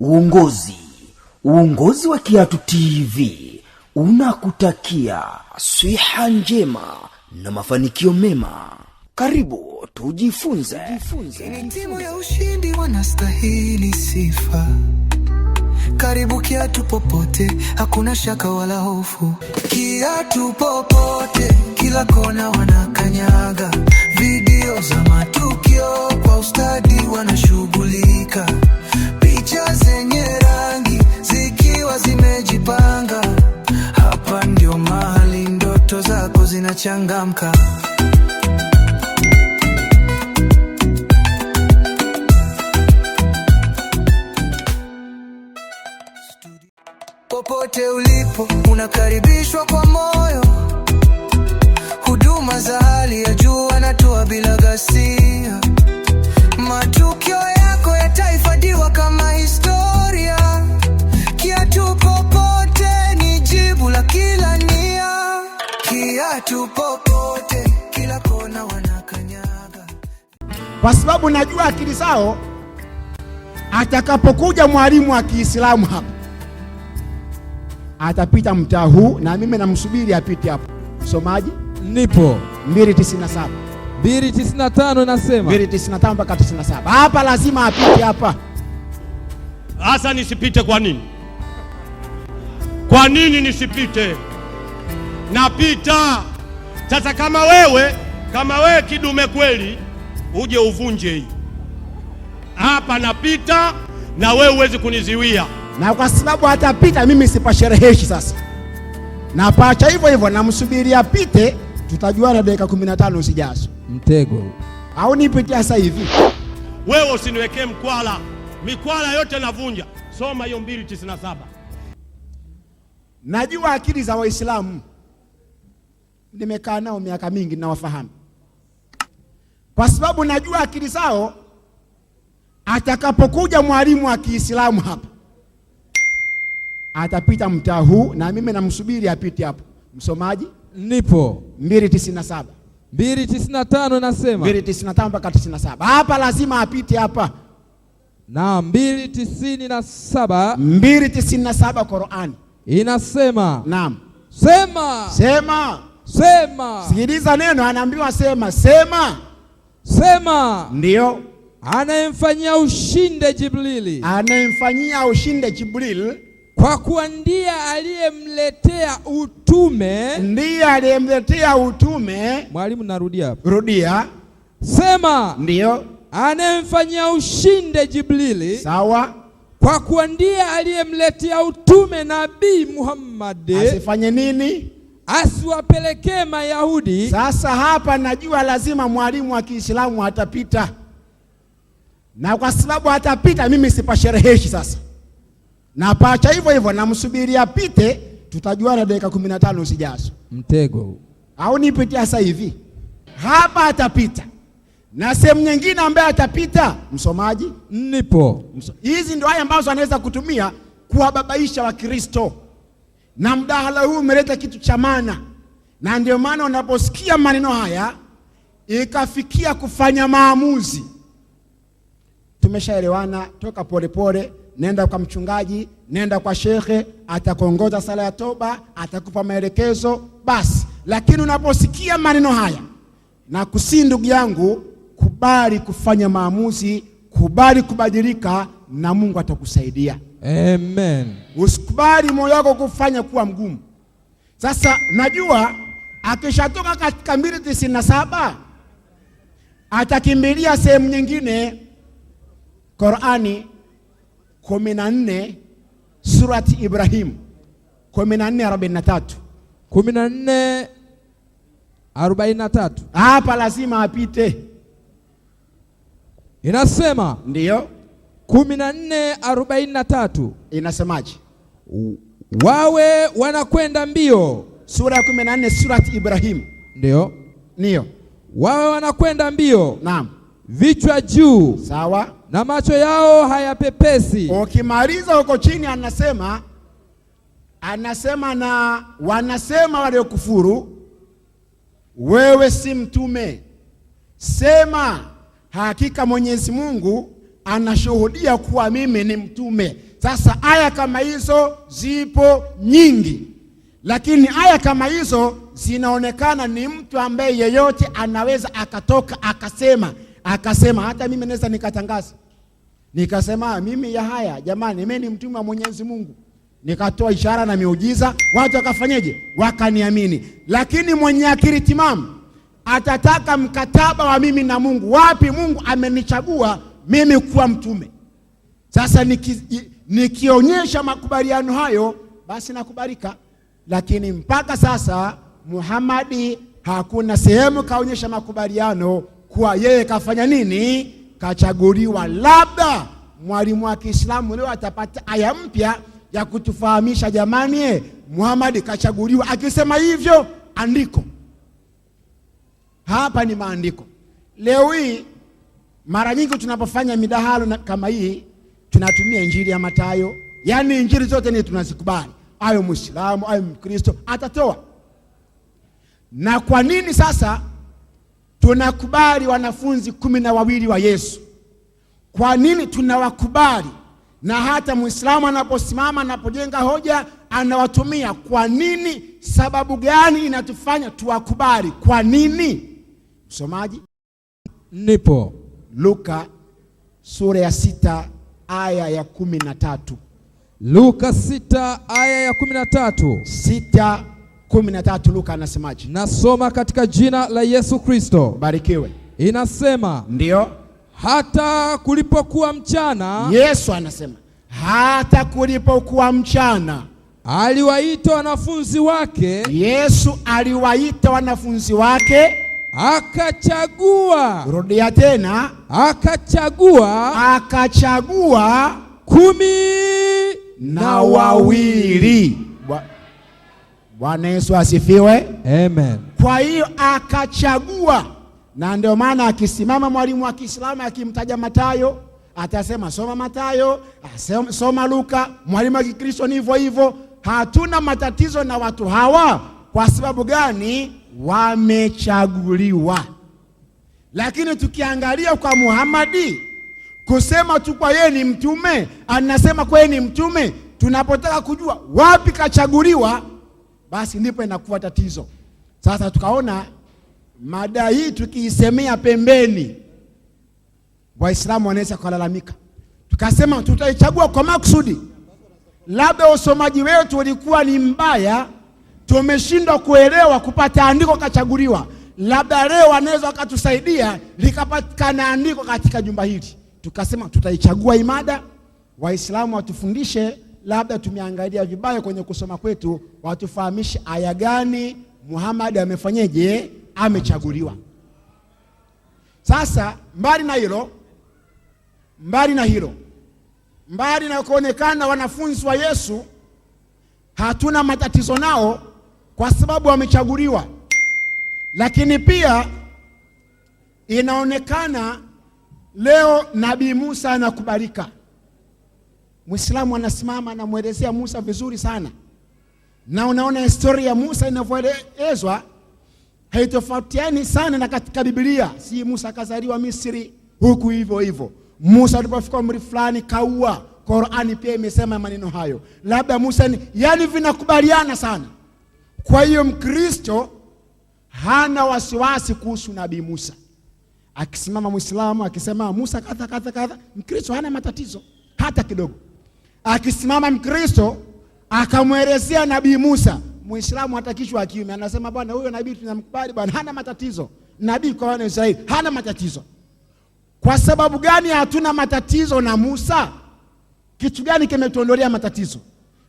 Uongozi. Uongozi wa Kiatu TV unakutakia swiha njema na mafanikio mema. Karibu tujifunze. Timu ya ushindi wanastahili sifa. Karibu Kiatu popote, hakuna shaka wala hofu. Kiatu popote, kila kona wanakanyaga, video za matukio changamka. Popote ulipo unakaribishwa kwa moyo, huduma za hali ya juu anatoa bila ghasia. popote, kila kona wanakanyaga, kwa sababu najua akili zao. Atakapokuja mwalimu wa Kiislamu hapa atapita mtaa huu, na mimi namsubiri apite hapo. Msomaji nipo 297 295 nasema mpaka 97 hapa, lazima apite hapa. Hasa nisipite kwa nini? Kwa nini nisipite? Napita. Sasa kama wewe kama wewe kidume kweli, uje uvunje hii hapa, napita na wewe huwezi kuniziwia, na kwa sababu hatapita mimi sipashereheshi. Sasa napacha hivyo hivyo, namsubiri apite, tutajuana dakika 15 usijazo. Mtego au nipitia sasa hivi? Wewe usiniwekee mkwala, mikwala yote navunja. Soma hiyo 297 najua akili za Waislamu nimekaa nao miaka mingi, nawafahamu kwa sababu najua akili zao. Atakapokuja mwalimu wa Kiislamu hapa atapita mtaa huu, na mimi namsubiri apite hapo. Msomaji nipo 297 295 nasema 295 mpaka 97 hapa, lazima apite hapa na 297 297 Qur'an inasema naam, sema sema Sema. Sikiliza neno, anaambiwa sema, sema, sema. Ndio anayemfanyia ushinde Jibrili, anayemfanyia ushinde Jibrili, kwa kuwa ndiye aliyemletea utume, ndiye aliyemletea utume. Mwalimu, narudia hapo, rudia. Sema. Ndio anayemfanyia ushinde Jibrili. Sawa kwa kuwa ndiye aliyemletea utume Nabii Muhammad. Asifanye nini? asiwapelekee Mayahudi. Sasa hapa najua lazima mwalimu wa Kiislamu atapita, na kwa sababu atapita, mimi sipashereheshi. Sasa napacha hivyo hivyo, namsubiri apite, tutajuana dakika kumi na tano usijazo mtego au nipite sasa hivi. Hapa atapita na sehemu nyingine ambaye atapita, msomaji nipo hizi Mso. Ndio haya ambazo anaweza kutumia kuwababaisha Wakristo na mdahala huu umeleta kitu cha maana, na ndio maana unaposikia maneno haya ikafikia kufanya maamuzi. Tumeshaelewana toka polepole pole, nenda kwa mchungaji, nenda kwa shekhe, atakuongoza sala ya toba, atakupa maelekezo basi. Lakini unaposikia maneno haya na kusii, ndugu yangu, kubali kufanya maamuzi, kubali kubadilika na Mungu atakusaidia. Amen. Usikubali moyo wako kufanya kuwa mgumu. Sasa najua akishatoka katika mbili tisini na saba atakimbilia sehemu nyingine. Qurani kumi na nne surati Ibrahim kumi na nne arobaini na tatu kumi na nne arobaini na tatu Hapa lazima apite, inasema ndiyo kumi na nne arobaini na tatu inasemaje? Wawe wanakwenda mbio. Sura ya kumi na nne surati Ibrahim, ndio ndio, wawe wanakwenda mbio. Naam, vichwa juu, sawa, na macho yao hayapepesi. Ukimaliza huko chini anasema anasema na wanasema waliokufuru, wewe si mtume, sema hakika Mwenyezi Mungu anashuhudia kuwa mimi ni mtume. Sasa aya kama hizo zipo nyingi, lakini aya kama hizo zinaonekana ni mtu ambaye yeyote anaweza akatoka akasema akasema, hata mimi naweza nikatangaza nikasema ah, mimi Yahaya, jamani, mimi ni mtume wa Mwenyezi Mungu, nikatoa ishara na miujiza, watu wakafanyeje? Wakaniamini. Lakini mwenye akili timamu atataka mkataba wa mimi na Mungu. Wapi Mungu amenichagua mimi kuwa mtume. Sasa nikionyesha makubaliano hayo, basi nakubalika. Lakini mpaka sasa Muhamadi hakuna sehemu kaonyesha makubaliano kuwa yeye kafanya nini, kachaguliwa. Labda mwalimu wa Kiislamu leo atapata aya mpya ya kutufahamisha, jamani, eh, Muhamadi kachaguliwa. Akisema hivyo andiko hapa ni maandiko leo hii mara nyingi tunapofanya midahalo kama hii tunatumia injili ya Mathayo, yaani injili zote ni tunazikubali, ayo Muislamu ayo Mkristo atatoa. Na kwa nini sasa tunakubali wanafunzi kumi na wawili wa Yesu? Kwa nini tunawakubali? Na hata Muislamu anaposimama anapojenga hoja anawatumia. Kwa nini? Sababu gani inatufanya tuwakubali? Kwa nini? Msomaji, nipo. Luka sura ya sita aya ya kumi na tatu. Luka sita aya ya kumi na tatu. Sita kumi na tatu Luka anasemaje? Nasoma katika jina la Yesu Kristo. Barikiwe. Inasema ndiyo, hata kulipokuwa mchana. Yesu anasema hata kulipokuwa mchana aliwaita wanafunzi wake. Yesu aliwaita wanafunzi wake Yesu, akachagua, rudia tena, akachagua, akachagua kumi na wawili. Bwana Yesu asifiwe, amen. Kwa hiyo akachagua, na ndio maana akisimama mwalimu wa Kiislamu akimtaja Mathayo atasema soma Mathayo, soma Luka. Mwalimu wa Kikristo ni hivyo hivyo. Hatuna matatizo na watu hawa. Kwa sababu gani? wamechaguliwa. Lakini tukiangalia kwa Muhamadi kusema tu kwa yeye ni mtume, anasema kwa yeye ni mtume, tunapotaka kujua wapi kachaguliwa, basi ndipo inakuwa tatizo. Sasa tukaona mada hii tukiisemea pembeni, Waislamu wanaweza kulalamika, tukasema tutaichagua kwa maksudi, labda usomaji wetu ulikuwa ni mbaya tumeshindwa kuelewa kupata andiko kachaguliwa. Labda leo wanaweza wakatusaidia likapatikana andiko katika jumba hili, tukasema tutaichagua imada, Waislamu watufundishe. Labda tumeangalia vibaya kwenye kusoma kwetu, watufahamishe aya gani Muhammad amefanyeje, amechaguliwa. Sasa mbali na hilo, mbali na hilo, mbali na kuonekana wanafunzi wa Yesu hatuna matatizo nao kwa sababu wamechaguliwa, lakini pia inaonekana leo Nabii Musa anakubalika. Mwislamu anasimama anamwelezea Musa vizuri sana, na unaona historia ya Musa inavyoelezwa haitofautiani sana na katika Biblia. Si Musa akazaliwa Misri, huku hivyo hivyo. Musa alipofika umri fulani kaua. Qurani pia imesema maneno hayo, labda Musa ni, yani vinakubaliana sana. Kwa hiyo Mkristo hana wasiwasi kuhusu Nabii Musa. Akisimama Muislamu akisema Musa kadha kadha kadha, Mkristo hana matatizo hata kidogo. Akisimama Mkristo akamwelezea Nabii Musa, Muislamu hata kichwa akiume anasema bwana, huyo nabii tunamkubali bwana, hana matatizo. Nabii kwa wana Israeli hana matatizo. Kwa sababu gani hatuna matatizo na Musa? Kitu gani kimetuondolea matatizo?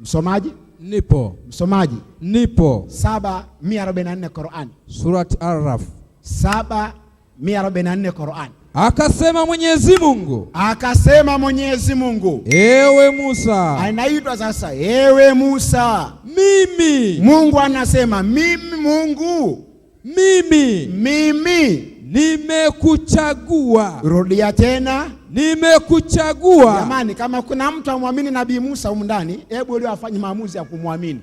Msomaji nipo. Msomaji nipo. saba mia arobaini na nne Qur'an, Surat Araf saba mia arobaini na nne Qur'an. Akasema Mwenyezi Mungu, akasema Mwenyezi Mungu, ewe Musa. Anaitwa sasa, ewe Musa. Mimi Mungu anasema mimi, Mungu mimi, mimi nimekuchagua. Rudia tena nimekuchagua. Jamani, kama kuna mtu amwamini Nabii Musa humu ndani, hebu leo afanye maamuzi ya kumwamini.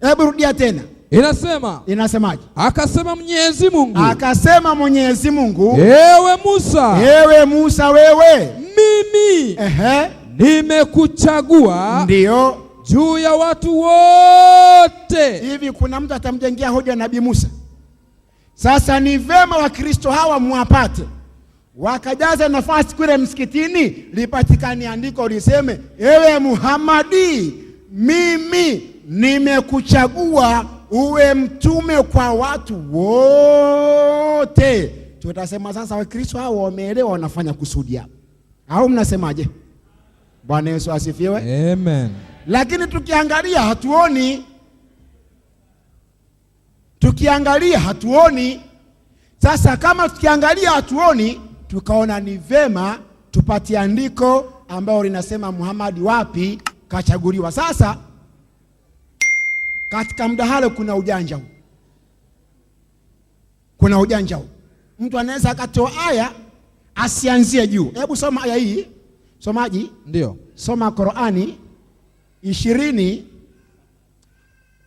Hebu rudia tena. Inasema, inasemaje? Akasema Mwenyezi Mungu, akasema Mwenyezi Mungu, ewe Musa, ewe Musa, wewe mimi ehe, nimekuchagua ndio juu ya watu wote. Hivi kuna mtu atamjengea hoja Nabii Musa? Sasa ni vema Wakristo hawa mwapate wakajaza nafasi kule msikitini, lipatikani andiko liseme, ewe Muhamadi, mimi nimekuchagua uwe mtume kwa watu wote. Tutasema sasa, Wakristo hao wameelewa, wanafanya kusudia au mnasemaje? Bwana Yesu asifiwe, amen. Lakini tukiangalia hatuoni, tukiangalia hatuoni. Sasa kama tukiangalia hatuoni tukaona ni vema tupate andiko ambayo linasema Muhammad wapi kachaguliwa. Sasa katika mdahalo kuna ujanja huu, kuna ujanja huu. Mtu anaweza akatoa aya asianzie juu. Hebu soma aya hii, somaji. Ndio, soma Qurani ishirini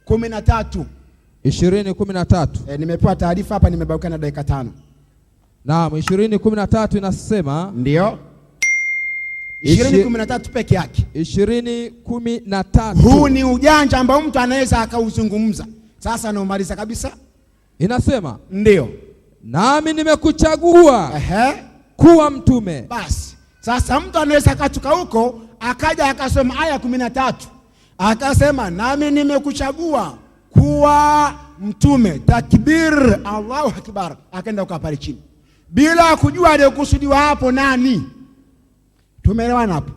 kumi na tatu ishirini kumi na tatu. E, nimepewa taarifa hapa, nimebakiana dakika tano. Naam, ishirini kumi na tatu inasema ndio peke yake, ishirini kumi na tatu. Huu ni ujanja ambao mtu anaweza akauzungumza. Sasa anaomaliza kabisa, inasema ndio, nami nimekuchagua kuwa mtume. Basi sasa mtu anaweza akatuka huko akaja akasoma aya kumi na tatu akasema nami nimekuchagua kuwa mtume, takbir, Allahu akbar, akaenda ukaa pale chini bila kujua aliyokusudiwa hapo nani. Tumeelewana hapo?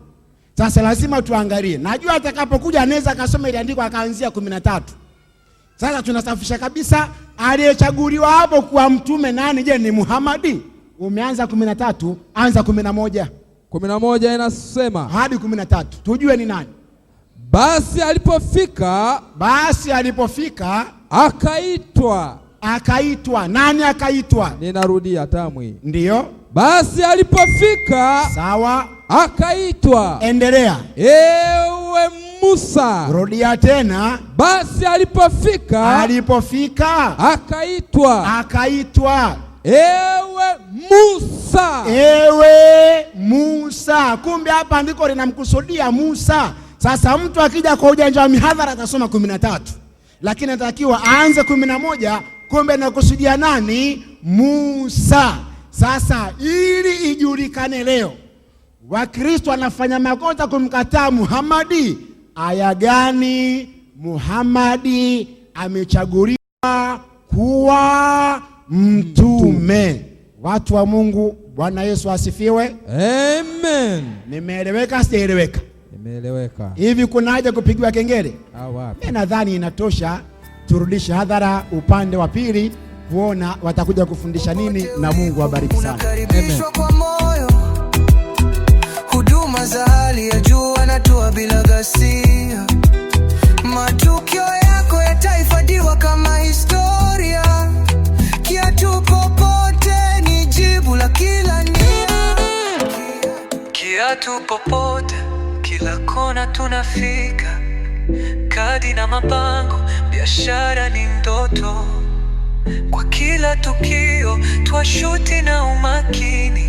Sasa lazima tuangalie, najua atakapokuja anaweza akasoma ile andiko akaanzia kumi na tatu. Sasa tunasafisha kabisa, aliyechaguliwa hapo kuwa mtume nani? Je, ni Muhamadi? Umeanza kumi na tatu, anza kumi na moja kumi na moja inasema hadi kumi na tatu tujue ni nani. Basi alipofika, basi alipofika akaitwa akaitwa nani? Akaitwa, ninarudia tamwi, ndiyo. Basi alipofika, sawa, akaitwa. Endelea. Ewe Musa, rudia tena. Basi alipofika, alipofika, akaitwa, akaitwa Ewe Musa, ewe Musa. Kumbe hapa andiko linamkusudia Musa. Sasa mtu akija kwa ujanja wa mihadhara atasoma kumi na tatu, lakini anatakiwa aanze kumi na moja kumbe anakusudia nani? Musa. Sasa ili ijulikane leo Wakristo anafanya makosa kumkataa Muhamadi, aya gani Muhamadi amechaguliwa kuwa mtume? Watu wa Mungu, Bwana Yesu asifiwe, amen. Nimeeleweka sijaeleweka? Nimeeleweka. Hivi kuna haja kupigiwa kengele? Ah, Mimi nadhani inatosha turudishe hadhara upande wa pili kuona watakuja kufundisha nini, na Mungu awabariki sana. Amen. kwa moyo, huduma za hali ya juu anatoa bila ghasia. Matukio yako yatahifadhiwa kama historia, kiatu popote ni jibu la kila nia, kiatu popote, kila kona tunafika, kadi na mabango Biashara ni ndoto, kwa kila tukio twashuti na umakini,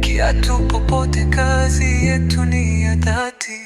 kiatu popote, kazi yetu ni ya dhati.